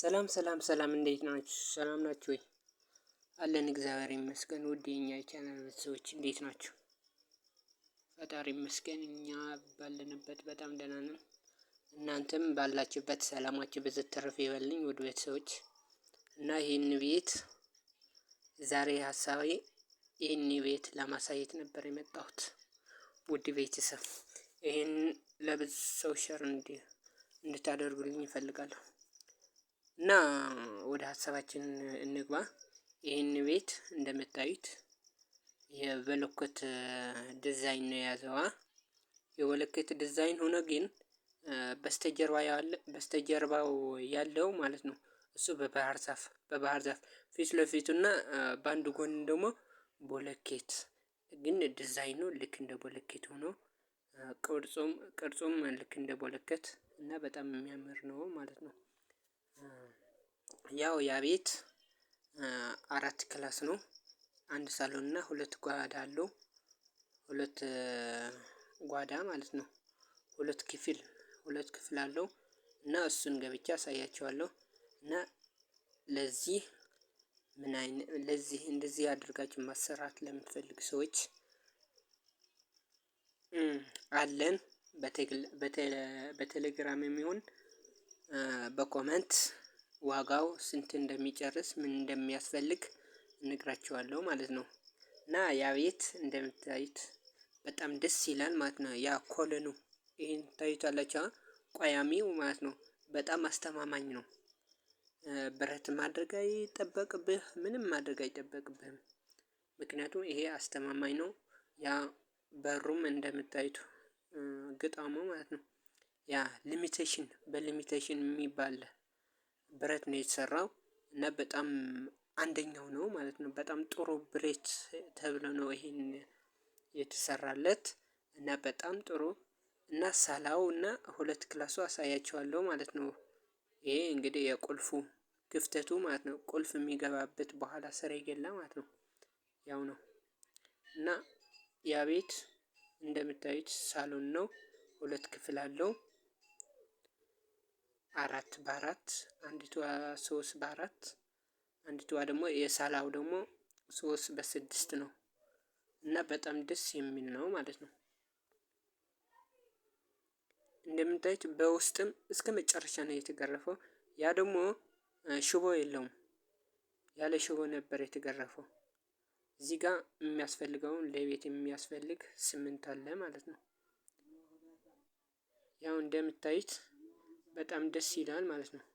ሰላም ሰላም ሰላም እንዴት ናችሁ ሰላም ናችሁ ወይ? አለን እግዚአብሔር ይመስገን ውድ የኛ የቻናል ቤተሰቦች እንዴት ናችሁ? ፈጣሪ ይመስገን እኛ ባለንበት በጣም ደህና ነን። እናንተም ባላችሁበት ሰላማችሁ ብዝት ትርፍ ይበልኝ ውድ ቤተሰቦች እና ይህን ቤት ዛሬ ሀሳቤ ይህን ቤት ለማሳየት ነበር የመጣሁት። ውድ ቤተሰብ ይህን ለብዙ ሰው ሸር እንድታደርጉልኝ እፈልጋለሁ። እና ወደ ሀሳባችን እንግባ ይህን ቤት እንደምታዩት የበለኮት ዲዛይን ነው የያዘዋ። የበለኮት ዲዛይን ሆኖ ግን በስተጀርባ ያለ በስተጀርባው ያለው ማለት ነው እሱ በባህር ዛፍ በባህር ዛፍ ፊት ለፊቱና በአንድ ጎን ደግሞ ቦለኬት ግን ዲዛይኑ ልክ እንደ ቦለኬት ሆኖ ቅርጹም ቅርጹም ልክ እንደ ቦለኬት እና በጣም የሚያምር ነው ማለት ነው። ያው ያ ቤት አራት ክላስ ነው። አንድ ሳሎን እና ሁለት ጓዳ አለው። ሁለት ጓዳ ማለት ነው። ሁለት ክፍል ሁለት ክፍል አለው እና እሱን ገብቼ አሳያቸዋለሁ። እና ለዚህ ምን አይነት ለዚህ እንደዚህ አድርጋችሁ ማሰራት ለምትፈልግ ሰዎች አለን። በቴሌግራም የሚሆን በኮመንት ዋጋው ስንት እንደሚጨርስ ምን እንደሚያስፈልግ እነግራችኋለሁ ማለት ነው። እና ያ ቤት እንደምታዩት በጣም ደስ ይላል ማለት ነው። ያ ኮለኑ ይህን ታዩታላችሁ ቋያሚው ማለት ነው በጣም አስተማማኝ ነው። ብረት ማድረግ አይጠበቅብህ ምንም ማድረግ አይጠበቅብህም። ምክንያቱም ይሄ አስተማማኝ ነው። ያ በሩም እንደምታዩት ግጣሙ ማለት ነው ያ ሊሚቴሽን በሊሚቴሽን የሚባል ብረት ነው የተሰራው እና በጣም አንደኛው ነው ማለት ነው። በጣም ጥሩ ብሬት ተብሎ ነው ይሄን የተሰራለት እና በጣም ጥሩ እና ሳላው እና ሁለት ክላሱ አሳያቸዋለሁ ማለት ነው። ይሄ እንግዲህ የቁልፉ ክፍተቱ ማለት ነው ቁልፍ የሚገባበት በኋላ ስር የገላ ማለት ነው። ያው ነው እና ያ ቤት እንደምታዩት ሳሎን ነው። ሁለት ክፍል አለው አራት በአራት አንዲቷ ሶስት በአራት አንዲቷ ደግሞ የሳላው ደግሞ ሶስት በስድስት ነው እና በጣም ደስ የሚል ነው ማለት ነው። እንደምታዩት በውስጥም እስከ መጨረሻ ነው የተገረፈው። ያ ደግሞ ሽቦ የለውም ያለ ሽቦ ነበር የተገረፈው። እዚህ ጋር የሚያስፈልገውን ለቤት የሚያስፈልግ ስምንት አለ ማለት ነው። ያው እንደምታዩት በጣም ደስ ይላል ማለት ነው።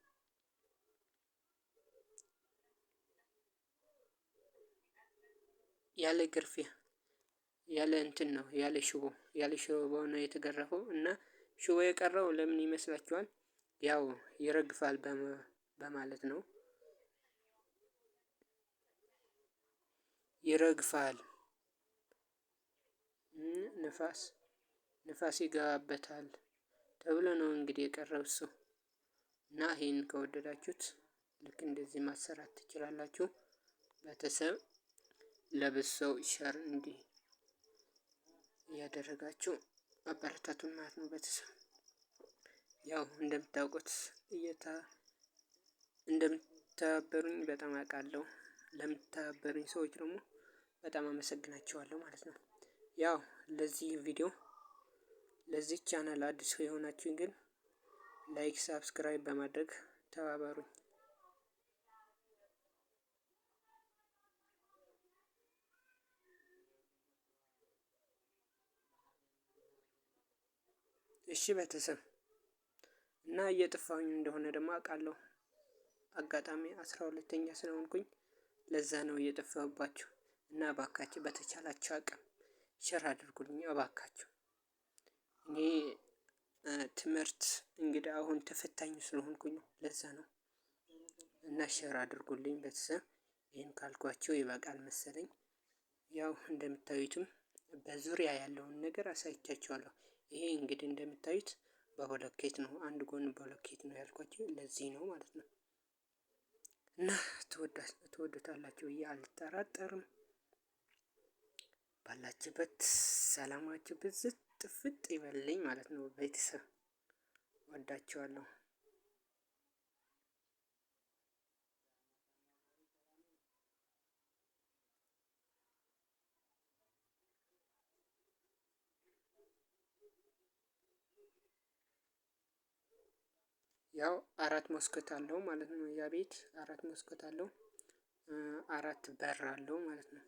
ያለ ግርፊያ ያለ እንትን ነው ያለ ሽቦ ያለ ሽቦ ነው የተገረፈው እና ሽቦ የቀረው ለምን ይመስላችኋል? ያው ይረግፋል በማለት ነው። ይረግፋል ንፋስ ንፋስ ይገባበታል ተብሎ ነው እንግዲህ የቀረብ እሱ እና ይህን ከወደዳችሁት ልክ እንደዚህ ማሰራት ትችላላችሁ። ቤተሰብ ለብሰው ሰው ሸር እንዲህ እያደረጋችሁ አበረታቱን ማለት ነው። ቤተሰብ ያው እንደምታውቁት እየታ እንደምታበሩኝ በጣም አውቃለሁ። ለምተባበሩኝ ሰዎች ደግሞ በጣም አመሰግናቸዋለሁ ማለት ነው። ያው ለዚህ ቪዲዮ ለዚህ ቻናል አዲስ የሆናችሁኝ ግን ላይክ ሳብስክራይብ በማድረግ ተባበሩኝ። እሺ ቤተሰብ እና እየጠፋሁኝ እንደሆነ ደግሞ አውቃለሁ። አጋጣሚ አስራ ሁለተኛ ስለሆንኩኝ ለዛ ነው እየጠፋሁባችሁ እና እባካችሁ በተቻላችሁ አቅም ሸር አድርጉልኝ እባካችሁ። ይህ ትምህርት እንግዲህ አሁን ተፈታኝ ስለሆንኩኝ ለዛ ነው። እና ሸር አድርጉልኝ ቤተሰብ ይህን ካልኳቸው ይበቃል መሰለኝ። ያው እንደምታዩትም በዙሪያ ያለውን ነገር አሳይቻቸዋለሁ ይሄ እንግዲህ እንደምታዩት በብሎኬት ነው አንድ ጎን በብሎኬት ነው ያልኳቸው ለዚህ ነው ማለት ነው። እና ትወዱታላችሁ ብዬ አልጠራጠርም ባላችሁበት ሰላማችሁ ብዝት ጥፍጥ ይበልኝ ማለት ነው። ቤተሰብ ወዳችኋለሁ። ያው አራት መስኮት አለው ማለት ነው። ያ ቤት አራት መስኮት አለው፣ አራት በር አለው ማለት ነው።